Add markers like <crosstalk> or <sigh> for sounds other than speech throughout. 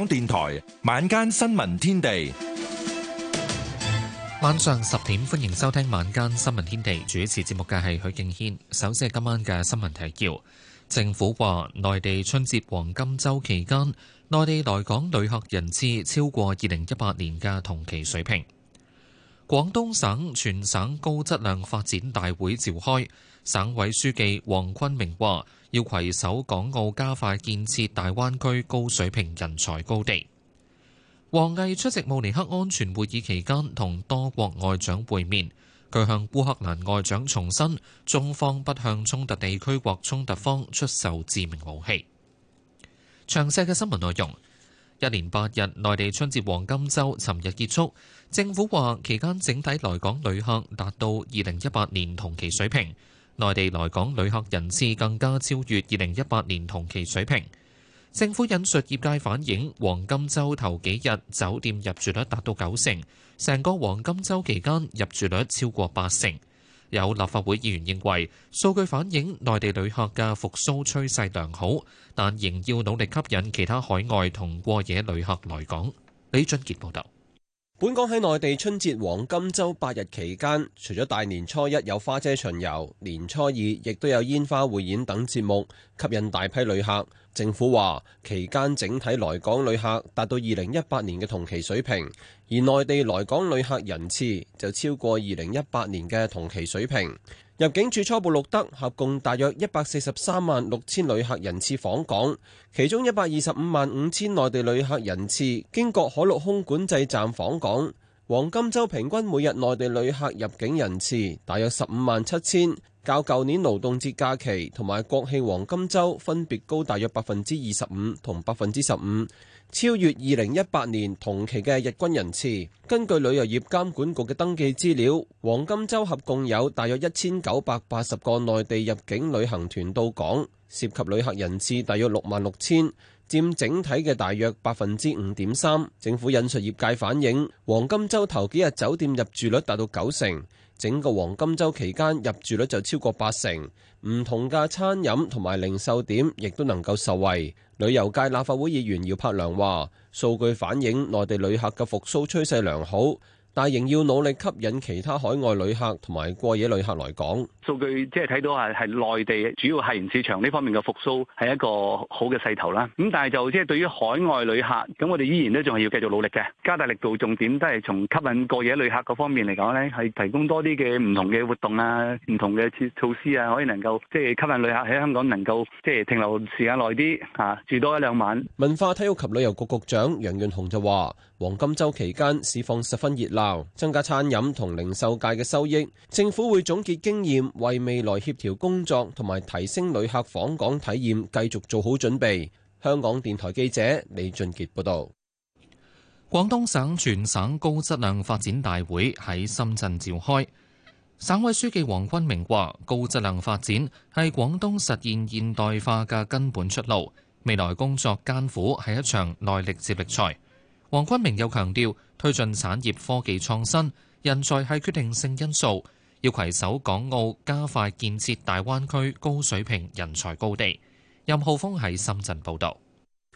港電台晚間新聞天地，晚上十點歡迎收聽晚間新聞天地。主持節目嘅係許敬軒。首先係今晚嘅新聞提要：政府話內地春節黃金周期間，內地來港旅客人次超過二零一八年嘅同期水平。廣東省全省高質量發展大會召開，省委書記黃坤明話。要攜手港澳加快建設大灣區高水平人才高地。王毅出席慕尼黑安全會議期間同多國外長會面。佢向烏克蘭外長重申，中方不向衝突地區或衝突方出售致命武器。詳細嘅新聞內容。一連八日內地春節黃金周尋日結束。政府話期間整體來港旅客達到二零一八年同期水平。內地來港旅客人次更加超越二零一八年同期水平。政府引述業界反映，黃金週頭幾日酒店入住率達到九成，成個黃金週期間入住率超過八成。有立法會議員認為，數據反映內地旅客嘅復甦趨勢良好，但仍要努力吸引其他海外同過夜旅客來港。李俊傑報道。本港喺內地春節黃金週八日期間，除咗大年初一有花車巡遊，年初二亦都有煙花匯演等節目，吸引大批旅客。政府話，期間整體來港旅客達到二零一八年嘅同期水平，而內地來港旅客人次就超過二零一八年嘅同期水平。入境處初步錄得合共大約一百四十三萬六千旅客人次訪港，其中一百二十五萬五千內地旅客人次經過海陸空管制站訪港。黃金週平均每日內地旅客入境人次大約十五萬七千，較舊年勞動節假期同埋國慶黃金週分別高大約百分之二十五同百分之十五。超越二零一八年同期嘅日均人次。根據旅遊業監管局嘅登記資料，黃金週合共有大約一千九百八十個內地入境旅行團到港，涉及旅客人次大約六萬六千，佔整體嘅大約百分之五點三。政府引述業界反映，黃金週頭幾日酒店入住率達到九成。整個黃金週期間入住率就超過八成，唔同嘅餐飲同埋零售點亦都能夠受惠。旅遊界立法會議員姚柏良話，數據反映內地旅客嘅復甦趨勢良好。但係仍要努力吸引其他海外旅客同埋過夜旅客來港。數據即係睇到係係內地主要客源市場呢方面嘅復甦係一個好嘅勢頭啦。咁但係就即係對於海外旅客，咁我哋依然都仲係要繼續努力嘅，加大力度，重點都係從吸引過夜旅客嗰方面嚟講咧，係提供多啲嘅唔同嘅活動啊，唔同嘅措措施啊，可以能夠即係吸引旅客喺香港能夠即係停留時間耐啲啊，住多一兩晚。文化體育及旅遊局，局局長楊潤雄就話黃金周期間市況十分熱鬧。增加餐飲同零售界嘅收益，政府會總結經驗，為未來協調工作同埋提升旅客訪港體驗繼續做好準備。香港電台記者李俊杰報道。廣東省全省高質量發展大會喺深圳召開，省委書記黃坤明話：高質量發展係廣東實現現代化嘅根本出路，未來工作艱苦係一場耐力接力賽。黃坤明又強調，推進產業科技創新，人才係決定性因素，要攜手港澳，加快建設大灣區高水平人才高地。任浩峰喺深圳報導，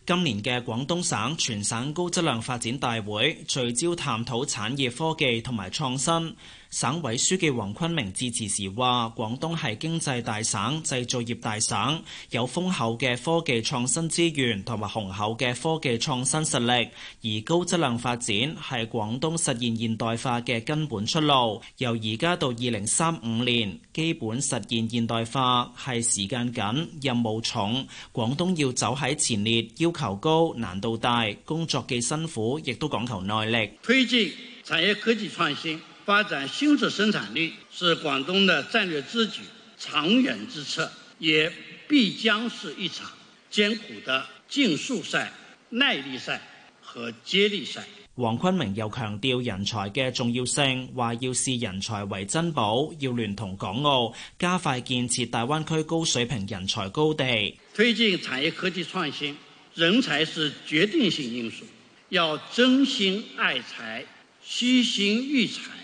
今年嘅廣東省全省高質量發展大會聚焦探討產業科技同埋創新。省委書記黃坤明致辭時話，廣東係經濟大省、製造業大省，有豐厚嘅科技創新資源，同埋雄厚嘅科技創新實力。而高質量發展係廣東實現現代化嘅根本出路。由而家到二零三五年，基本實現現代化係時間緊、任務重，廣東要走喺前列，要求高、難度大，工作既辛苦，亦都講求耐力，推進產業科技創新。發展新質生產力是廣東的戰略之舉、長遠之策，也必將是一場艱苦的競速賽、耐力賽和接力賽。黃坤明又強調人才的重要性，話要視人才為珍寶，要聯同港澳加快建設大灣區高水平人才高地，推進產業科技創新。人才是決定性因素，要真心愛才、悉心育才。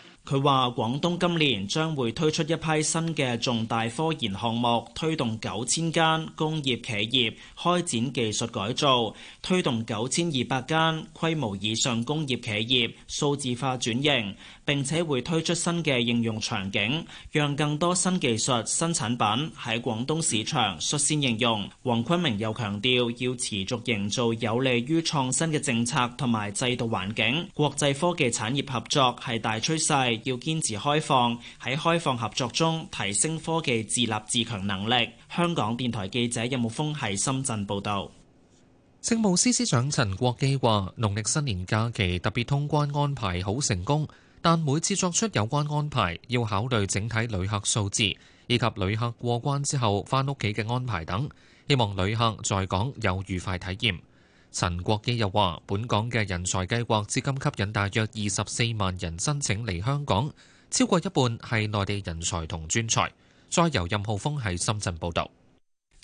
佢話：廣東今年將會推出一批新嘅重大科研項目，推動九千間工業企業開展技術改造，推動九千二百間規模以上工業企業數字化轉型。並且會推出新嘅應用場景，讓更多新技術、新產品喺廣東市場率先應用。黃坤明又強調，要持續營造有利於創新嘅政策同埋制度環境。國際科技產業合作係大趨勢。要堅持開放，喺開放合作中提升科技自立自強能力。香港電台記者任木峰喺深圳報道。政務司司長陳國基話，農曆新年假期特別通關安排好成功，但每次作出有關安排要考慮整體旅客數字以及旅客過關之後翻屋企嘅安排等，希望旅客在港有愉快體驗。陳國基又話：本港嘅人才計劃至今吸引大約二十四萬人申請嚟香港，超過一半係內地人才同專才。再由任浩峰喺深圳報導。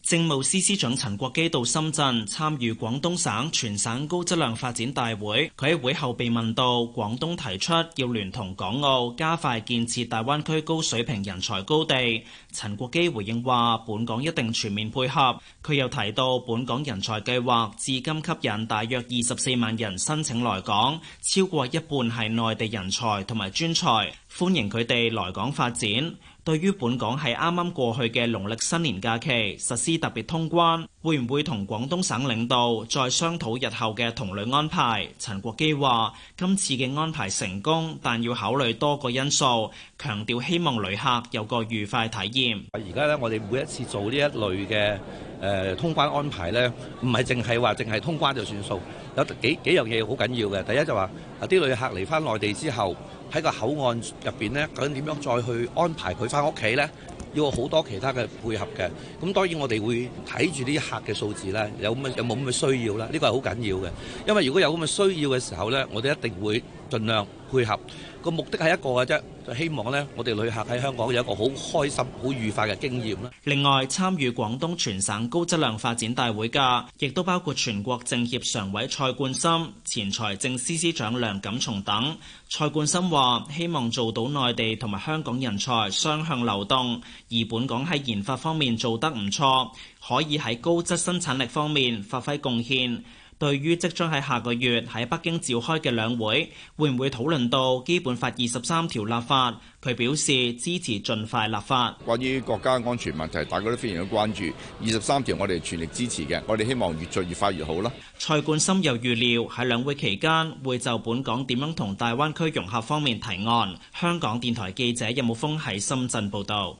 政務司司長陳國基到深圳參與廣東省全省高質量發展大會，佢喺會後被問到，廣東提出要聯同港澳加快建設大灣區高水平人才高地，陳國基回應話：本港一定全面配合。佢又提到，本港人才計劃至今吸引大約二十四萬人申請來港，超過一半係內地人才同埋專才，歡迎佢哋來港發展。對於本港係啱啱過去嘅農曆新年假期實施特別通關，會唔會同廣東省領導再商討日後嘅同類安排？陳國基話：今次嘅安排成功，但要考慮多個因素，強調希望旅客有個愉快體驗。而家咧，我哋每一次做呢一類嘅誒通關安排呢，唔係淨係話淨係通關就算數，有幾幾樣嘢好緊要嘅。第一就話。啊！啲旅客嚟翻內地之後，喺個口岸入邊咧，究竟點樣再去安排佢翻屋企咧？要好多其他嘅配合嘅。咁當然我哋會睇住啲客嘅數字啦，有咁有冇咁嘅需要啦？呢個係好緊要嘅，因為如果有咁嘅需要嘅時候咧，我哋一定會。盡量配合個目的係一個嘅啫，就希望呢，我哋旅客喺香港有一個好開心、好愉快嘅經驗啦。另外，參與廣東全省高質量發展大會嘅，亦都包括全國政協常委蔡冠深、前財政司司長梁錦松等。蔡冠深話：希望做到內地同埋香港人才雙向流動，而本港喺研發方面做得唔錯，可以喺高質生產力方面發揮貢獻。對於即將喺下個月喺北京召開嘅兩會，會唔會討論到基本法二十三條立法？佢表示支持盡快立法。關於國家安全問題，大家都非常嘅關注。二十三條，我哋全力支持嘅，我哋希望越做越快越好啦。蔡冠深又預料喺兩會期間會就本港點樣同大灣區融合方面提案。香港電台記者任武峰喺深圳報導。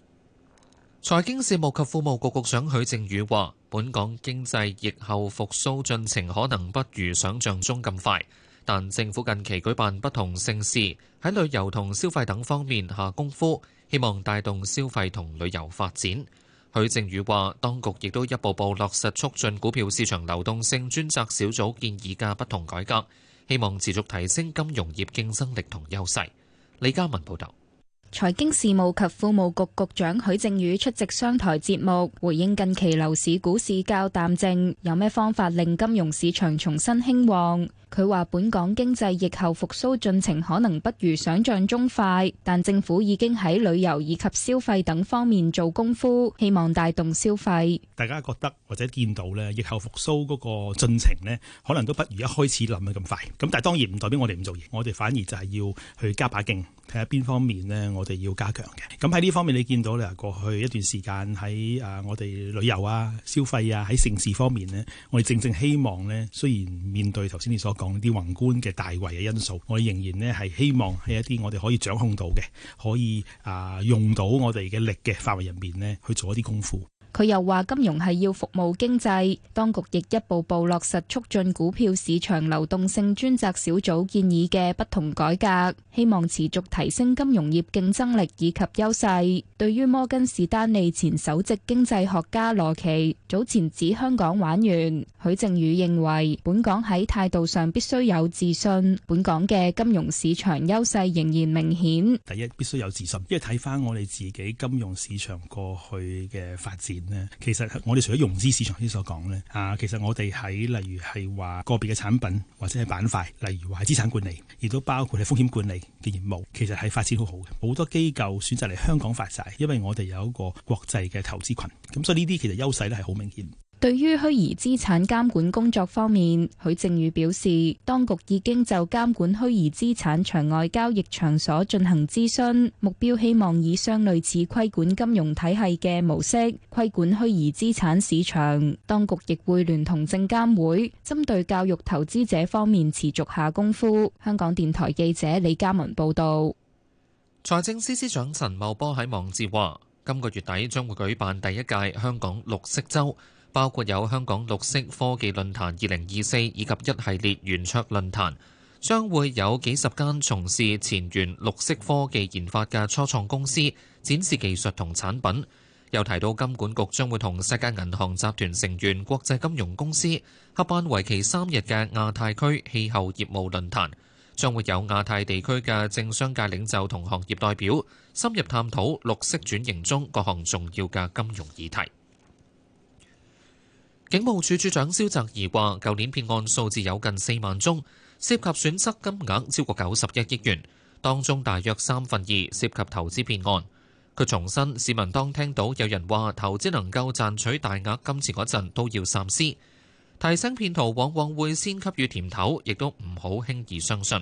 財經事務及庫務局局長許正宇話。本港經濟疫後復甦進程可能不如想像中咁快，但政府近期舉辦不同盛事，喺旅遊同消費等方面下功夫，希望帶動消費同旅遊發展。許正宇話，當局亦都一步步落實促進股票市場流動性專責小組建議嘅不同改革，希望持續提升金融業競爭力同優勢。李嘉文報道。財經事務及庫務局局長許正宇出席商台節目，回應近期樓市、股市較淡靜，有咩方法令金融市場重新興旺？佢話本港經濟疫後復甦進程可能不如想象中快，但政府已經喺旅遊以及消費等方面做功夫，希望帶動消費。大家覺得或者見到咧，疫後復甦嗰個進程呢，可能都不如一開始諗得咁快。咁但係當然唔代表我哋唔做嘢，我哋反而就係要去加把勁，睇下邊方面呢？我哋要加強嘅。咁喺呢方面你見到咧，過去一段時間喺啊我哋旅遊啊、消費啊、喺城市方面呢，我哋正正希望呢，雖然面對頭先你所講，講啲宏觀嘅大圍嘅因素，我哋仍然咧係希望喺一啲我哋可以掌控到嘅，可以啊用到我哋嘅力嘅範圍入面咧去做一啲功夫。佢又話：金融係要服務經濟，當局亦一步步落實促進股票市場流動性專責小組建議嘅不同改革，希望持續提升金融業競爭力以及優勢。對於摩根士丹利前首席經濟學家羅奇，早前指香港玩完，許正宇認為本港喺態度上必須有自信，本港嘅金融市場優勢仍然明顯。第一，必須有自信，因為睇返我哋自己金融市場過去嘅發展。其實我哋除咗融資市場之所講呢，啊，其實我哋喺例如係話個別嘅產品或者係板塊，例如話資產管理，亦都包括係風險管理嘅業務，其實係發展好好嘅。好多機構選擇嚟香港發債，因為我哋有一個國際嘅投資群，咁所以呢啲其實優勢呢係好明顯。對於虛擬資產監管工作方面，許正宇表示，當局已經就監管虛擬資產場外交易場所進行諮詢，目標希望以相類似規管金融體系嘅模式規管虛擬資產市場。當局亦會聯同證監會，針對教育投資者方面持續下功夫。香港電台記者李嘉文報道。財政司司長陳茂波喺網誌話：今個月底將會舉辦第一屆香港綠色週。包括有香港綠色科技論壇2024以及一系列圓桌論壇，將會有幾十間從事前沿綠色科技研發嘅初創公司展示技術同產品。又提到金管局將會同世界銀行集團成員國際金融公司合辦，為期三日嘅亞太區氣候業務論壇，將會有亞太地區嘅政商界領袖同行業代表深入探討綠色轉型中各項重要嘅金融議題。警務處處長蕭澤頤話，舊年騙案數字有近四萬宗，涉及損失金額超過九十一億元，當中大約三分二涉及投資騙案。佢重申，市民當聽到有人話投資能夠賺取大額金錢嗰陣，都要三思。提醒騙徒往往會先給予甜頭，亦都唔好輕易相信。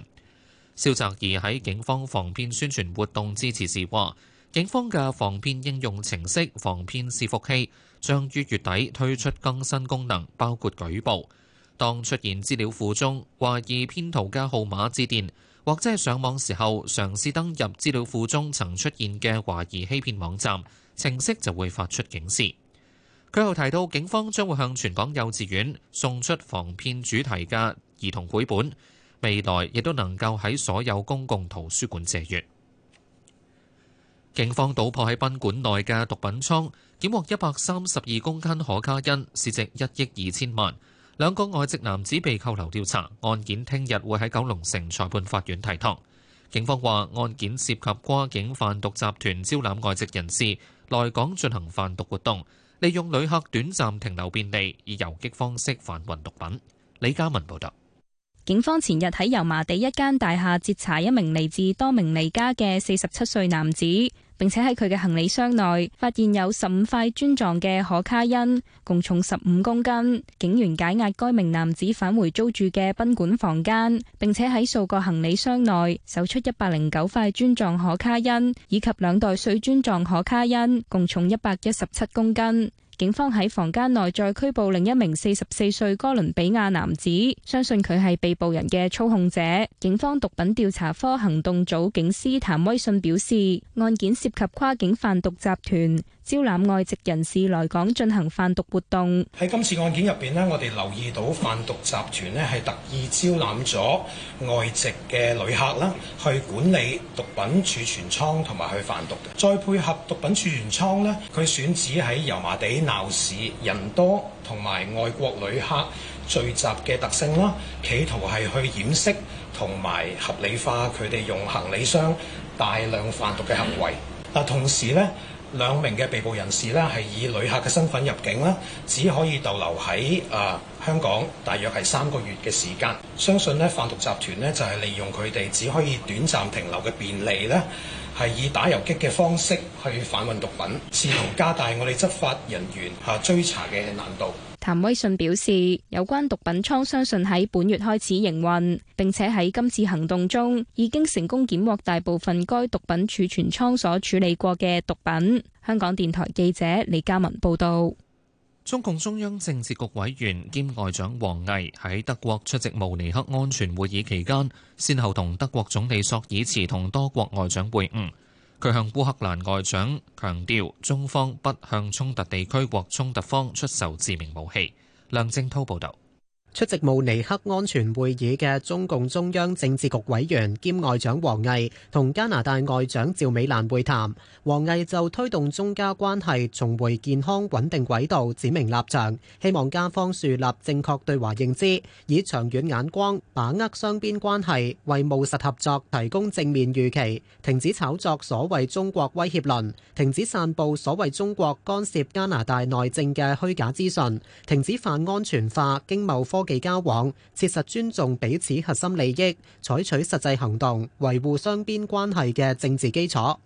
蕭澤頤喺警方防騙宣傳活動致辭時話。警方嘅防騙應用程式「防騙視伺服器」將於月底推出更新功能，包括舉報。當出現資料庫中懷疑騙徒嘅號碼致電，或者係上網時候嘗試登入資料庫中曾出現嘅懷疑欺騙網站，程式就會發出警示。佢又提到，警方將會向全港幼稚園送出防騙主題嘅兒童繪本，未來亦都能夠喺所有公共圖書館借閱。警方搗破喺賓館內嘅毒品倉，檢獲一百三十二公斤可卡因，市值一億二千萬。兩個外籍男子被扣留調查，案件聽日會喺九龍城裁判法院提堂。警方話案件涉及跨境販毒集團招攬外籍人士來港進行販毒活動，利用旅客短暫停留便利以游擊方式販運毒品。李嘉文報道。警方前日喺油麻地一間大廈截查一名嚟自多明尼加嘅四十七歲男子。並且喺佢嘅行李箱內發現有十五塊磚狀嘅可卡因，共重十五公斤。警員解押該名男子返回租住嘅賓館房間，並且喺數個行李箱內搜出一百零九塊磚狀可卡因，以及兩袋碎磚狀可卡因，共重一百一十七公斤。警方喺房間內再拘捕另一名四十四歲哥倫比亞男子，相信佢係被捕人嘅操控者。警方毒品調查科行動組警司譚威信表示，案件涉及跨境販毒集團，招攬外籍人士來港進行販毒活動。喺今次案件入邊呢，我哋留意到販毒集團呢係特意招攬咗外籍嘅旅客啦，去管理毒品儲存倉同埋去販毒嘅。再配合毒品儲存倉呢，佢選址喺油麻地鬧市，人多同埋外國旅客聚集嘅特性啦，企圖係去掩飾同埋合理化佢哋用行李箱大量販毒嘅行為。嗱，同時呢。兩名嘅被捕人士呢，係以旅客嘅身份入境啦，只可以逗留喺啊、呃、香港大約係三個月嘅時間。相信呢，販毒集團呢，就係、是、利用佢哋只可以短暫停留嘅便利呢，係以打遊擊嘅方式去販運毒品，試圖加大我哋執法人員嚇、啊、追查嘅難度。譚威信表示，有關毒品倉相信喺本月開始營運，並且喺今次行動中已經成功檢獲大部分該毒品儲存倉所處理過嘅毒品。香港電台記者李嘉文報道。中共中央政治局委員兼外長王毅喺德國出席慕尼黑安全會議期間，先後同德國總理朔爾茨同多國外長會晤。佢向烏克蘭外長強調，中方不向衝突地區或衝突方出售致命武器。梁正濤報道。出席慕尼黑安全會議嘅中共中央政治局委員兼外長王毅同加拿大外長趙美蘭會談，王毅就推動中加關係重回健康穩定軌道，指明立場，希望加方樹立正確對華認知，以長遠眼光把握雙邊關係，為務實合作提供正面預期，停止炒作所謂中國威脅論，停止散布所謂中國干涉加拿大內政嘅虛假資訊，停止泛安全化、經貿科際交往，切實尊重彼此核心利益，採取實際行動維護雙邊關係嘅政治基礎。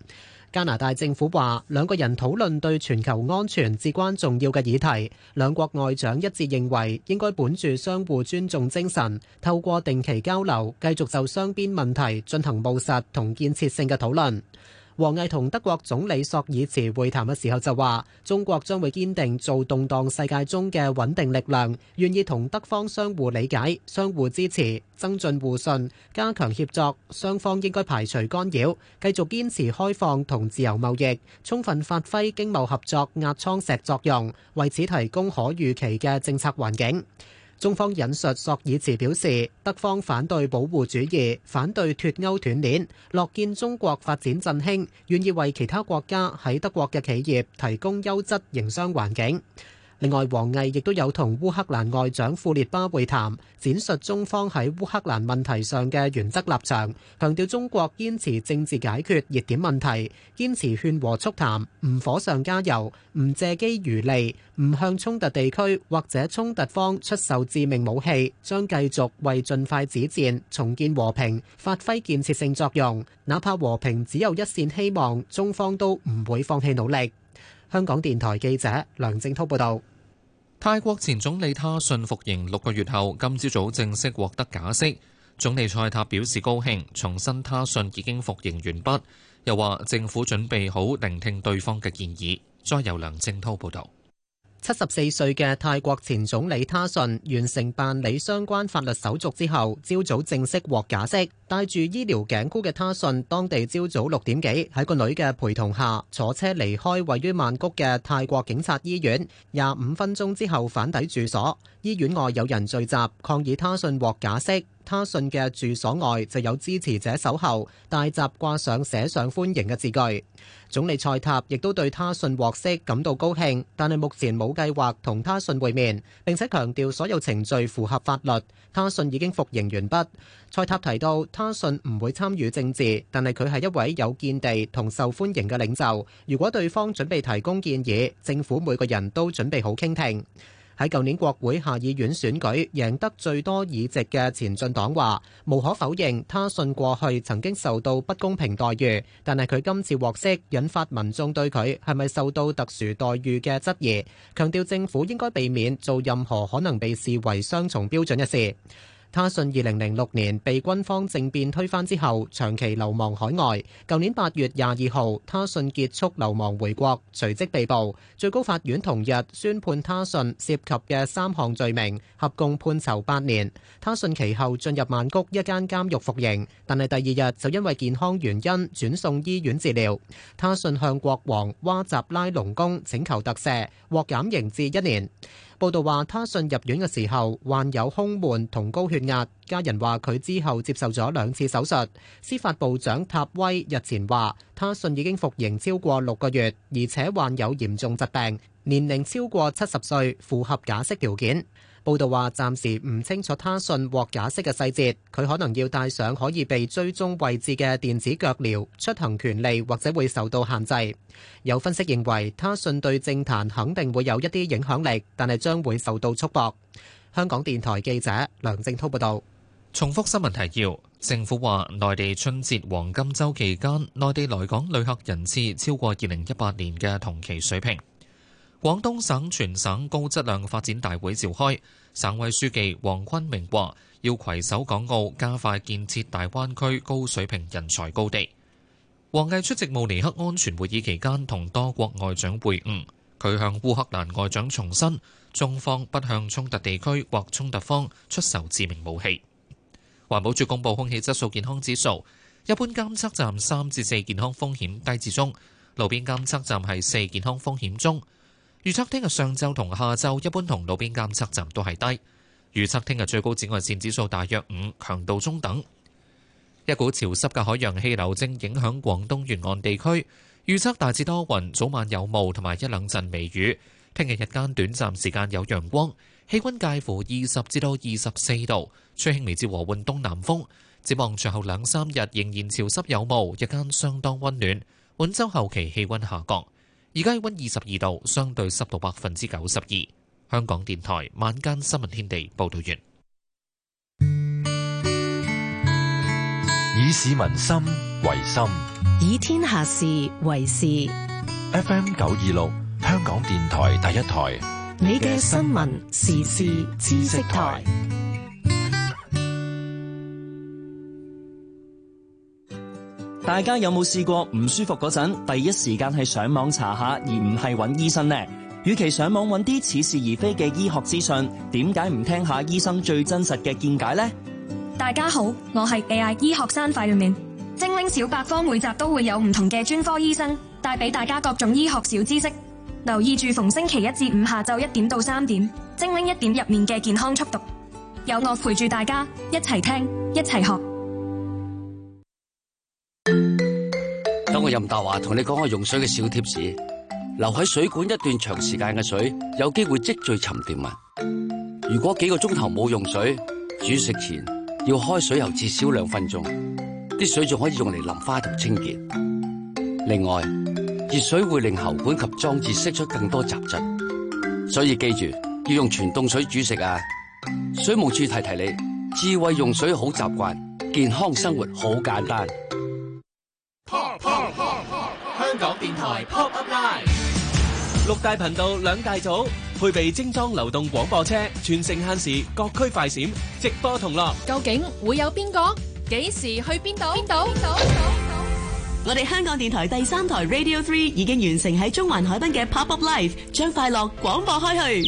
加拿大政府話，兩個人討論對全球安全至關重要嘅議題，兩國外長一致認為應該本住相互尊重精神，透過定期交流，繼續就雙邊問題進行務實同建設性嘅討論。王毅同德國總理朔爾茨會談嘅時候就話，中國將會堅定做動盪世界中嘅穩定力量，願意同德方相互理解、相互支持、增進互信、加強協作，雙方應該排除干擾，繼續堅持開放同自由貿易，充分發揮經貿合作壓艙石作用，為此提供可預期嘅政策環境。中方引述索爾茨表示，德方反對保護主義，反對脫鈎斷鏈，樂見中國發展振興，願意為其他國家喺德國嘅企業提供優質營商環境。另外，王毅亦都有同烏克蘭外長庫列巴會談，展述中方喺烏克蘭問題上嘅原則立場，強調中國堅持政治解決熱點問題，堅持勸和促談，唔火上加油，唔借機漁利，唔向衝突地區或者衝突方出售致命武器，將繼續為盡快止戰、重建和平、發揮建設性作用。哪怕和平只有一線希望，中方都唔會放棄努力。香港電台記者梁正濤報道，泰國前總理他信服刑六個月後，今朝早正式獲得假釋。總理賽塔表示高興，重申他信已經服刑完畢，又話政府準備好聆聽對方嘅建議。再由梁正濤報道。七十四歲嘅泰國前總理他信完成辦理相關法律手續之後，朝早正式獲假釋。戴住醫療頸箍嘅他信，當地朝早六點幾喺個女嘅陪同下坐車離開位於曼谷嘅泰國警察醫院。廿五分鐘之後返抵住所，醫院外有人聚集，抗議他信獲假釋。他信嘅住所外就有支持者守候，大閘掛上寫上歡迎嘅字句。總理賽塔亦都對他信獲釋感到高興，但係目前冇計劃同他信會面，並且強調所有程序符合法律。他信已經服刑完畢。賽塔提到，他信唔會參與政治，但係佢係一位有見地同受歡迎嘅領袖。如果對方準備提供建議，政府每個人都準備好傾聽。喺舊年國會下議院選舉贏得最多議席嘅前進黨話，無可否認他信過去曾經受到不公平待遇，但係佢今次獲釋，引發民眾對佢係咪受到特殊待遇嘅質疑，強調政府應該避免做任何可能被視為雙重標準嘅事。他信二零零六年被軍方政變推翻之後長期流亡海外。舊年八月廿二號，他信結束流亡回國，隨即被捕。最高法院同日宣判他信涉及嘅三項罪名，合共判囚八年。他信其後進入曼谷一間監獄服刑，但係第二日就因為健康原因轉送醫院治療，他信向國王哇扎拉隆功請求特赦，獲減刑至一年。報道話，他信入院嘅時候患有胸悶同高血壓，家人話佢之後接受咗兩次手術。司法部長塔威日前話，他信已經服刑超過六個月，而且患有嚴重疾病，年齡超過七十歲，符合假釋條件。報道話，暫時唔清楚他信獲假釋嘅細節，佢可能要戴上可以被追蹤位置嘅電子腳鐐，出行權利或者會受到限制。有分析認為，他信對政壇肯定會有一啲影響力，但係將會受到束縛。香港電台記者梁正滔報道。重複新聞提要：政府話，內地春節黃金週期間，內地來港旅客人次超過二零一八年嘅同期水平。廣東省全省高質量發展大會召開。省委書記黃坤明話：要携手港澳，加快建設大灣區高水平人才高地。王毅出席慕尼黑安全會議期間，同多國外長會晤。佢向烏克蘭外長重申，中方不向衝突地區或衝突方出售致命武器。環保署公布空氣質素健康指數，一般監測站三至四健康風險低至中，路邊監測站係四健康風險中。預測聽日上晝同下晝一般，同路邊監測站都係低。預測聽日最高紫外線指數大約五，強度中等。一股潮濕嘅海洋氣流正影響廣東沿岸地區，預測大致多雲，早晚有霧同埋一兩陣微雨。聽日日間短暫時間有陽光，氣温介乎二十至到二十四度，吹輕微至和緩東南風。展望隨後兩三日仍然潮濕有霧，日間相當温暖。本週後期氣温下降。而家氣温二十二度，相對濕度百分之九十二。香港電台晚間新聞天地報道完，以市民心為心，以天下事為事。FM 九二六，香港電台第一台，你嘅新聞時事知識台。大家有冇試過唔舒服嗰陣，第一時間係上網查下，而唔係揾醫生呢？與其上網揾啲似是而非嘅醫學資訊，點解唔聽下醫生最真實嘅見解呢？大家好，我係 AI 醫學生快入面，精靈小百科每集都會有唔同嘅專科醫生帶俾大家各種醫學小知識。留意住逢星期一至五下晝一點到三點，精靈一點入面嘅健康速讀，有我陪住大家一齊聽一齊學。任達華同你講個用水嘅小貼士：留喺水管一段長時間嘅水，有機會積聚沉澱物。如果幾個鐘頭冇用水，煮食前要開水喉至少兩分鐘。啲水仲可以用嚟淋花同清潔。另外，熱水會令喉管及裝置釋出更多雜質，所以記住要用全凍水煮食啊！水務處提，提提你，智慧用水好習慣，健康生活好簡單。 <music> 香港電台 Pop Up Live，六大頻道兩大組，配備精裝流動廣播車，全城限時，各區快閃，直播同樂。究竟會有邊個？幾時去邊度？邊度裡？我哋香港電台第三台 Radio Three 已經完成喺中環海濱嘅 Pop Up Live，將快樂廣播開去。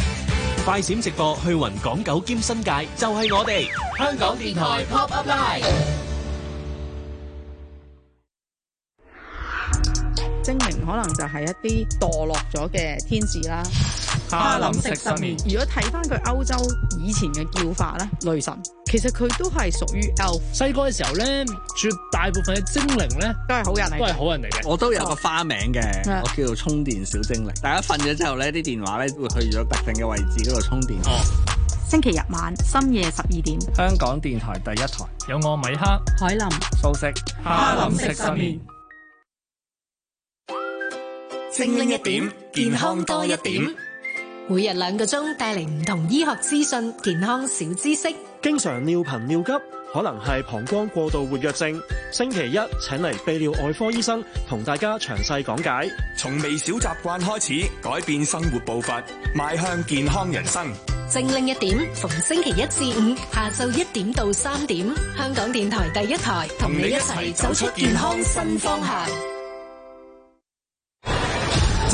快閃直播去雲港九兼新界，就係、是、我哋香港電台 Pop Up Live。精靈可能就係一啲墮落咗嘅天使啦。哈林食新年。如果睇翻佢歐洲以前嘅叫法咧，雷神。其實佢都係屬於 elf。細個嘅時候咧，絕大部分嘅精靈咧都係好人，都係好人嚟嘅。我都有個花名嘅，oh. 我叫做充電小精靈。大家瞓咗之後咧，啲電話咧會去咗特定嘅位置嗰度充電。哦，oh. 星期日晚深夜十二點，香港電台第一台有我米克、海林、蘇息、哈林式失眠，精靈一點，健康多一點，一點一點每日兩個鐘帶嚟唔同醫學資訊、健康小知識。經常尿頻尿急，可能係膀胱過度活躍症。星期一請嚟泌尿外科醫生同大家詳細講解。從微小習慣開始，改變生活步伐，邁向健康人生。精靈一點，逢星期一至五下晝一點到三點，香港電台第一台同你一齊走出健康新方向。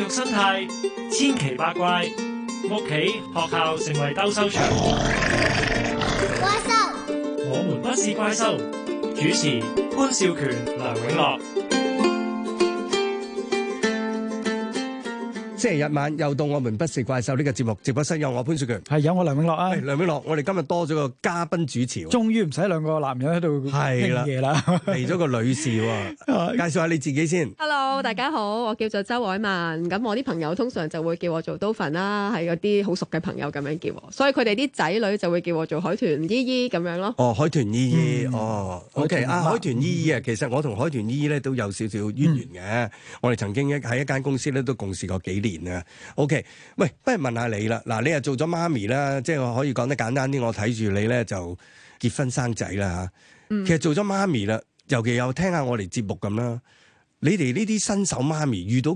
弱生，生態，千奇百怪，屋企學校成為鬥獸場。怪獸收，我們不是怪獸。主持：潘少權、梁永樂。星期日晚又到，我們不是怪獸呢個節目直播室有我潘雪權，係有我梁永樂啊，梁永樂，我哋今日多咗個嘉賓主持，終於唔使兩個男人喺度傾嘢啦，嚟咗個女士喎，介紹下你自己先。Hello，大家好，我叫做周偉曼，咁我啲朋友通常就會叫我做 Dolphin 啦，係有啲好熟嘅朋友咁樣叫我，所以佢哋啲仔女就會叫我做海豚姨姨咁樣咯。哦，海豚姨姨，哦，OK 啊，海豚姨姨啊，其實我同海豚姨姨咧都有少少淵源嘅，我哋曾經一喺一間公司咧都共事過幾年。年啊，OK，喂，不如問下你啦。嗱，你又做咗媽咪啦，即係我可以講得簡單啲。我睇住你咧就結婚生仔啦吓。嗯、其實做咗媽咪啦，尤其有聽下我哋節目咁啦，你哋呢啲新手媽咪遇到？